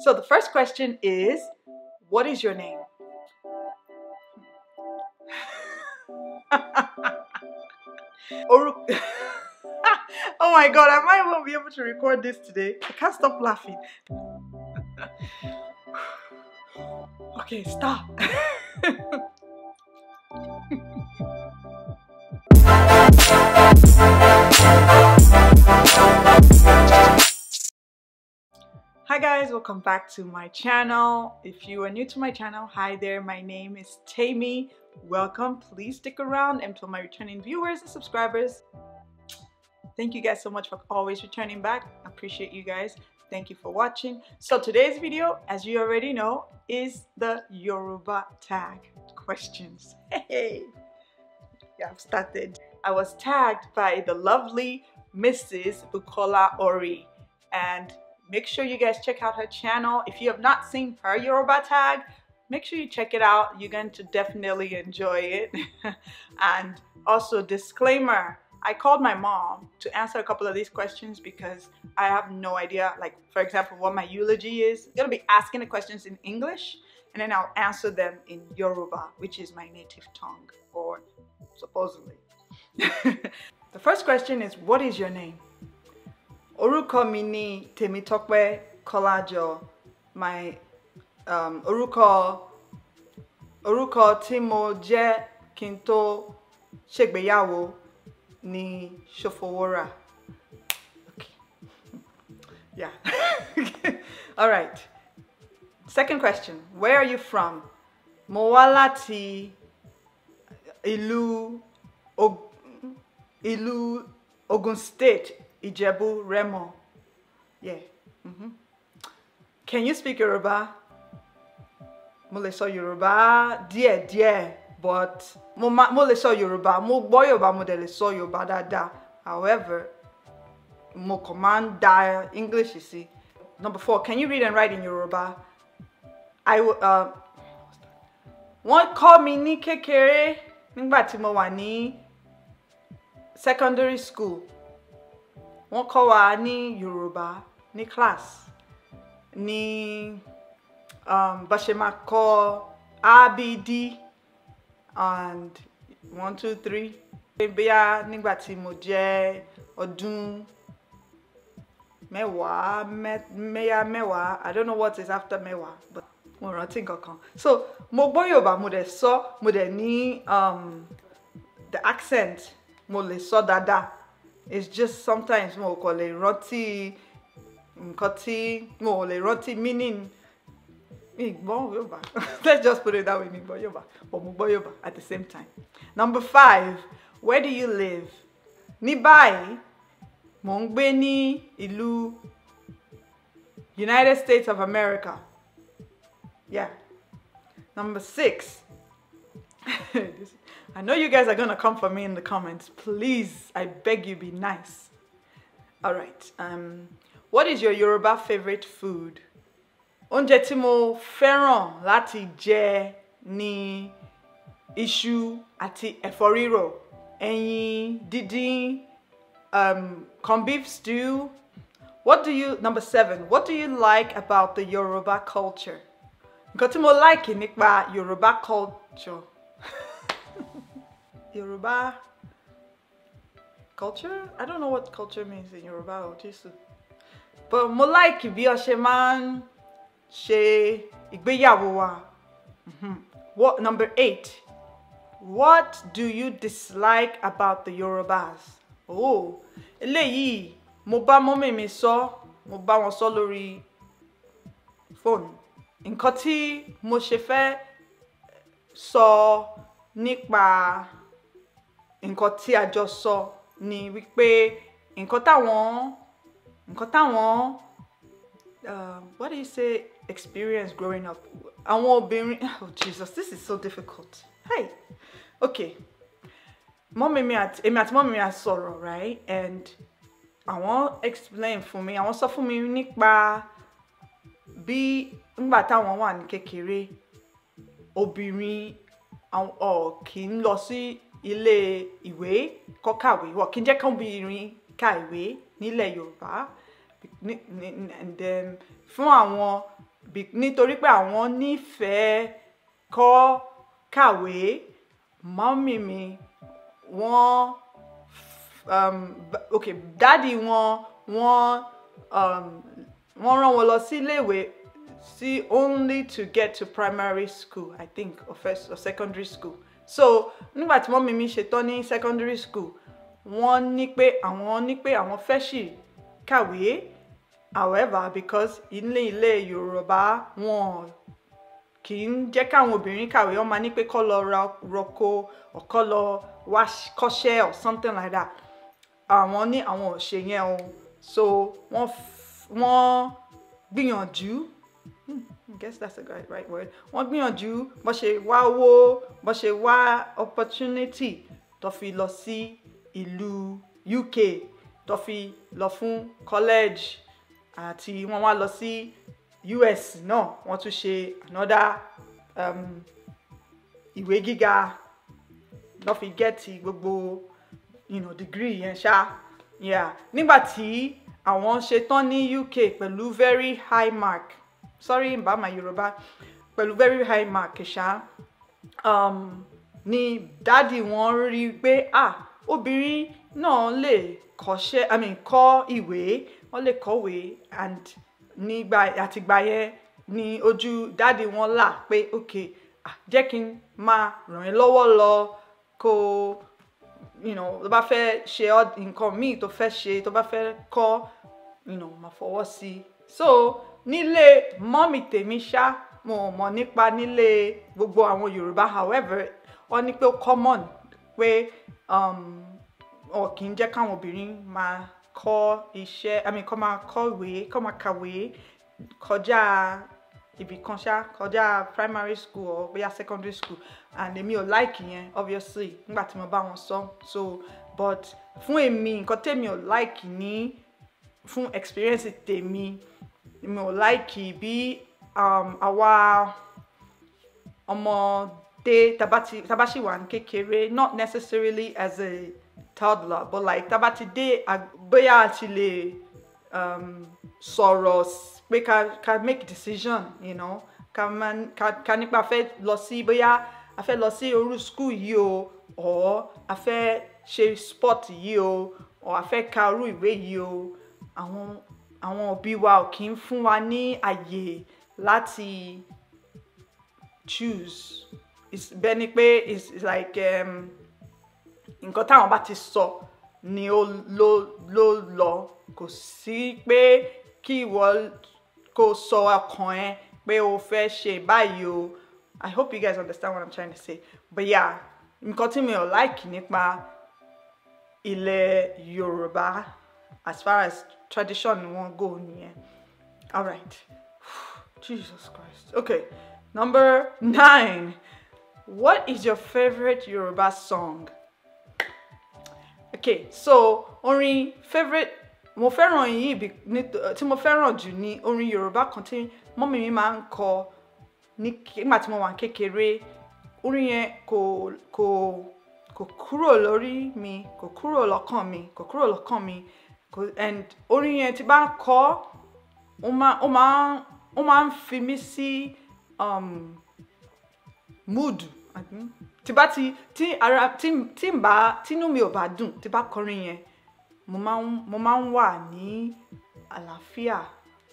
So the first question is, what is your name? oh my god, I might not be able to record this today. I can't stop laughing. okay, stop. Hi guys, welcome back to my channel. If you are new to my channel, hi there, my name is Tammy. Welcome, please stick around and to my returning viewers and subscribers. Thank you guys so much for always returning back. I appreciate you guys. Thank you for watching. So today's video, as you already know, is the Yoruba tag questions. Hey, yeah, I've started. I was tagged by the lovely Mrs. Bukola Ori and Make sure you guys check out her channel. If you have not seen her Yoruba Tag, make sure you check it out. You're going to definitely enjoy it. and also disclaimer, I called my mom to answer a couple of these questions because I have no idea, like for example, what my eulogy is. I'm gonna be asking the questions in English and then I'll answer them in Yoruba, which is my native tongue, or supposedly. the first question is, what is your name? orúkọ mini ni Kọ́lájọ my um, orúkọ orúkọ tí jẹ́ kinto n ni shofowora. okay. yeah all right second question where are you from Moalati, ìlú ìlú Ogun State Ijebu, Remo. Yeah. Mm-hmm. Can you speak Yoruba? Moleso Yoruba dear, dear. but Moleso ma mo lè Yoruba mo gbọ́ Yoruba da da. however mo kàn máa ń da English Number four, can you read and write in Yoruba? I uh, One, call me ní kékeré nígbà secondary school wọ́n kọ́ wa ní Yorùbá ní class ní um, bá ṣe máa kọ́ and one two three bóyá nígbà tí mo jẹ́ ọdún mẹ́wàá mẹ́yà mẹ́wàá I don't know what is after mẹ́wàá but mo rántí nǹkan so mo gbọ́ Yorùbá mo dẹ̀ sọ mo dẹ̀ ní um, the accent mo lè sọ dáadáa it's just sometimes more kò lè rántí nǹkan tí mo ò lè meaning mi gbọ́ Yorùbá let's just put it that way mi gbọ́ Yorùbá but mo gbọ́ Yorùbá at the same time number five where do you live ní báyìí Ilu, United States of America yeah number six I know you guys are gonna come for me in the comments. Please, I beg you, be nice. All right. Um, what is your Yoruba favorite food? Oúnjẹ timo mo láti jẹ ni ishu àti eforiro rírò, didi um, corn beef stew. What do you number seven? What do you like about the Yoruba culture? Gotimo tí mo like nípa Yoruba culture. Yoruba culture? I don't know what culture means in Yoruba or Tisu. But mo like bí ọ ṣe máa ń ṣe ìgbéyàwó wa. Mhm. What number eight? What do you dislike about the Yorubas? Oh, eléyìí mo ba mọ́mì mi sọ, mo ba wọn sọ lórí fóònù. Nǹkan tí mo ṣe fẹ́ sọ nípa nǹkan tí a jọ sọ ni wípé nǹkan táwọn nǹkan táwọn uh, what do you say experience growing up àwọn obìnrin oh Jesus this is so difficult hey okay mọ́mí mi àti èmi àti mọ́mí mi à sọ̀rọ̀ right and àwọn explain fún mi àwọn sọ fún mi nípa bí ngbà táwọn wà ní kékeré obìnrin ọ̀ kì í lọ sí ilé ìwé kọ́ kàwé wọ́n kí n jẹ́ kọ́bìnrin ka ìwé nílẹ̀ Yorùbá um, fún àwọn nítorí pé àwọn nífẹ̀ẹ́ kọ́ kàwé mọ́mì mi wọ́n um, ok dáàdi wọn wọ́n um, wọ́n rán wọn lọ sí iléèwé sí only to get to primary school I think or first or secondary school so nígbà tí mọ́mí mi ṣetán ní secondary school wọ́n ní pé àwọn ní pé àwọn fẹ́ ṣì kàwé however because ilé ilé Yorùbá wọn kì í jẹ́ káwọn obìnrin kàwé wọ́n máa ní pé kọ́ lọ ra roko or kọ́ lọ wá kọ́ṣẹ́ or something like that àwọn ní àwọn ò ṣe yẹn o so wọ́n gbìyànjú. Hmm guess that's the right word wọ́n gbìyànjú bó ṣe wá owó bó ṣe wá opportunity tó fi lọ sí ìlú UK tó fi lọ fún college àti wọ́n wá lọ sí US náà wọ́n tún ṣe another um, ìwé gíga lọ́ fi gẹ́ẹ̀tì gbogbo you know, degree yẹn ṣá yeah. nígbà tí àwọn ṣetán ní UK pẹ̀lú very high mark sorry about my Yorùbá pẹ̀lú very high mark ṣá um, ni dáàdì wọn rí i pé ah obìnrin náà lè kọ́ṣẹ́ i mean kọ́ ìwé wọ́n lè kọ́wé and nígbà àtìgbà yẹn ni ojú dáàdì wọn là pé ok ah, jẹ́ kí n máa ràn ẹ́ lọ́wọ́ lọ kó you know tó bá fẹ́ ṣe nǹkan míì tó fẹ́ ṣe tó bá fẹ́ kọ́ you know máa fọwọ́ sí i so nílé mọ́mì tèmi ṣá mo mọ̀ nípa nílé gbogbo àwọn Yorùbá however wọ́n ní pé ó common pé um, ọ̀kì ń jẹ́ káwọn obìnrin máa kọ́ iṣẹ́ àmì kọ́ máa kọ́wé kọ́ máa kàwé kọjá ibì kan ṣá kọjá primary school or bóyá secondary school and èmi ò like yẹn obviously nígbà tí mo bá wọn sọ so but fún èmi nǹkan tèmi ò like ní fún experience tèmi mi ò láìkì bí àwa ọmọdé tábà ṣì wà ní not necessarily as a toddler but like tabati ti dé bóyá a ti lè um, sọ̀rọ̀ pé ká make decision you know ká nípa fẹ́ lọ sí bóyá a fẹ́ lọ sí orú school yìí o or a fẹ́ ṣe sport yìí o or a fẹ́ ka orú ìwé yìí o àwọn àwọn òbí wa ò kí ń fún wa ní àyè láti choose it's bẹ́ẹ̀ ni pé it's, like um, nǹkan táwọn bá ti sọ ni ó ló ló lọ kò sí pé kí ìwọ kó sọ ọkàn ẹ pé o fẹ́ ṣe báyìí o I hope you guys understand what I'm trying to say but yeah nǹkan tí mi ò like nípa ilẹ̀ Yorùbá as far as tradition wọn go nìyẹn alright jesus christ okay number nine what is your favourite yoruba song okay so orin favourite mo fẹ́ràn yìí tí mo fẹ́ràn jù ní orin yorùbá kan tí mọ́mí mi máa ń kọ nígbà tí mo wà kékeré orin yẹn kò kò kò kúrò lórí mi kò kúrò lọ́kàn mi kò kúrò lọ́kàn mi and orin yẹn tí bá ń kọ ó máa ó máa ń fi mí sí um, mood tí bá ti tí ara tí tí n bá tínú mi ò bá dùn tí bá kọrin yẹn mo máa ń mo máa ń wà ní àlàáfíà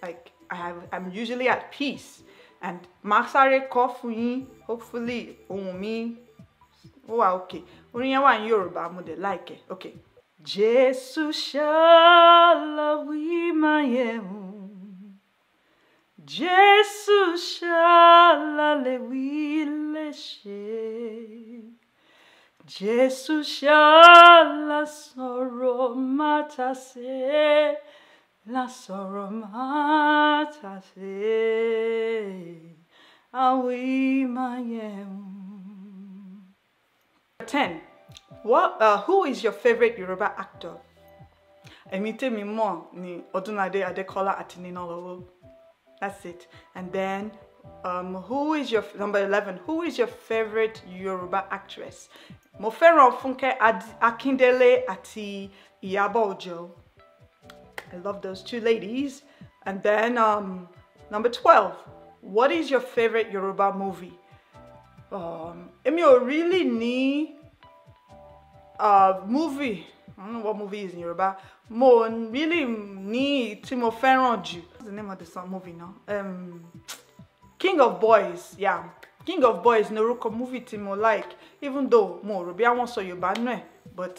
like I have, I'm usually at peace and màá sáré kọ fún yín hopefully ohùn mi ó wà ok orin yẹn wà ní Yorùbá mo dẹ̀ like ẹ̀ ok. Jesus wimayeu Jesus lewileshe Jesus la sorrow se. la sorrow matase awimayeu 10 what, uh, who is your favorite Yoruba actor? Emitemi Mo ni Odunade Adekola Atininalowo. That's it. And then um, who is your number 11 who is your favorite Yoruba actress mo Fúnkẹ́ Akíndélé àti Ìyábọ̀ Òjó I love those two ladies and then um, number 12 what is your favorite Yoruba movie um, èmi really ní A uh, movie I don't know what movie is in Yoruba mo really ni tí mo fẹ́ràn jù what's the name of the song movie now um, King of Boys yeah King of Boys ni orúkọ movie tí mo like even though mo rò bí àwọn sọ Yorùbá nù ẹ but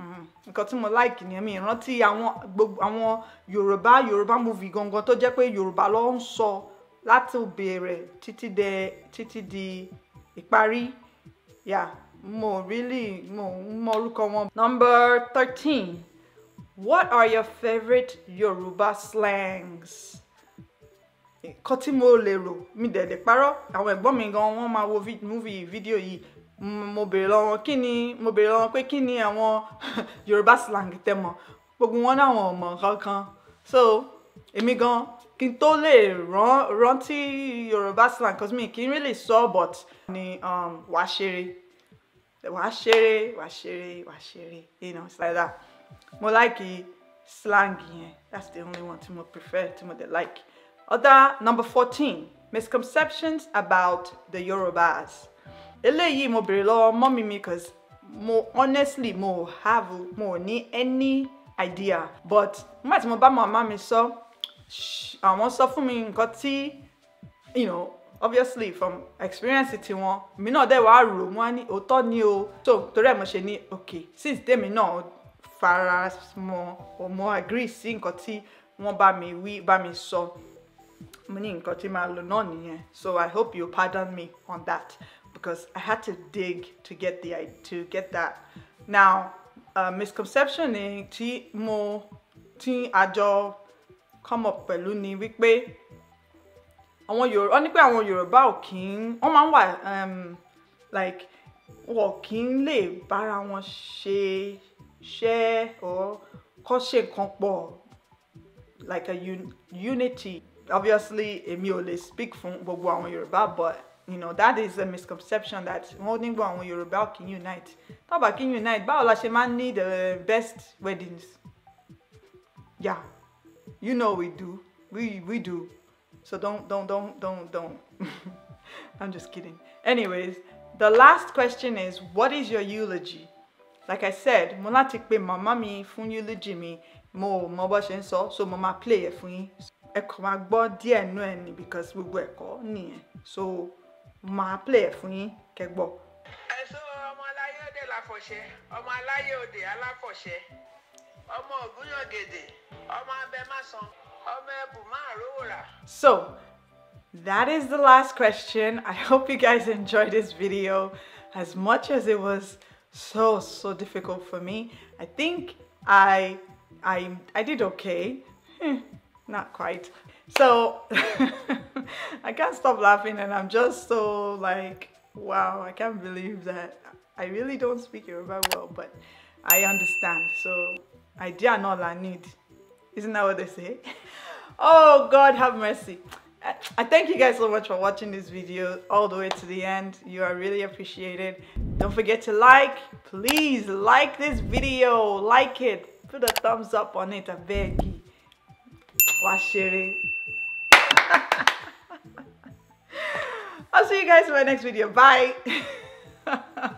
mm, nǹkan tí mo like ni mi ìrántí àwọn gbogbo àwọn Yorùbá Yorùbá movie gangan tó jẹ́ pé Yorùbá ló ń sọ láti ìbẹ̀rẹ̀ títí di ìparí yeah. More really more more orúkọ wọn. number thirteen what are your favorite Yoruba slangs? nǹkan tí mo lè rò mi dẹ̀ lè parọ́ àwọn ẹ̀gbọ́n mi gan wọ́n máa wo múvi fídíò yìí mo béèrè lọ́wọ́ kí mo béèrè lọ́wọ́ pé kí ni àwọn slang tẹ́ mọ̀ gbogbo wọn náà wọn mọ̀ kankan so emi gan kí n tó lè rántí Yorùbá slang cause mi kin really sọ but ni um, wàá ṣeré wàá ṣeré wàá you know it's like that mo like slang yẹn that's the only one tí mo prefer tí mo dey like other number fourteen misconceptions about the Yorubas eléyìí mo bèrè lọ́wọ́ mọ́mí mi cause mo honestly mo have mo ní any idea but nígbà tí mo bá màmá mi sọ àwọn sọ fún mi nǹkan tí you know obviously from experience ti wọn èmi náà dẹ̀ wàá rò wọ́n á ní òótọ́ ni o so torí ẹ̀ mo ṣe ní ok since tèmi náà fara mọ́ o mo agree sí nǹkan tí wọ́n bá mi wí bá mi sọ mo ní nǹkan tí màá lò náà nìyẹn so i hope you pardon me on that because i had to dig to get the to get that now uh, misconception ni tí mo tí àjọ come up pẹ̀lú ni wípé àwọn Yorùbá ọ ní pé àwọn Yorùbá ò kí ń wọ́n máa ń wà um, like wọ́n kì í lè bára wọn ṣe ṣẹ́ or kọ́ ṣe nǹkan pọ̀ like a un unity obviously èmi ò lè speak fún gbogbo àwọn Yorùbá but you know that is a misconception that wọ́n nígbà àwọn Yorùbá kì í unite tọ́ba kì í unite báwo la ṣe máa ń ní the uh, best weddings yeah you know we do we we do So don't, don't, don't, don't, don't. I'm just kidding. Anyways, the last question is, what is your eulogy? Like I said, mo pe màmá mi fún eulogy mi, mo mọ ṣe sọ, so mo play ẹ̀ fún yín. Ẹ kàn máa gbọ́ díẹ̀ nú because gbogbo ẹ̀kọ́ nìyẹn. So máa play ẹ̀ fún yín kẹ́ gbọ́. ọmọ aláyé òde ọmọ aláyé òde ọmọ ọmọ abẹ má so that is the last question. I hope you guys enjoyed this video as much as it was so, so difficult for me. I think I, I, I did okay. not quite. So I can't stop laughing and I'm just so like, wow, I can't believe that I really don't speak Yoruba well, but I understand. So I dare not I need. Isn't that what they say? oh, God have mercy. I thank you guys so much for watching this video all the way to the end. You are really appreciated. Don't forget to like. Please like this video. Like it. Put a thumbs up on it. I beg you. Wash I'll see you guys in my next video. Bye.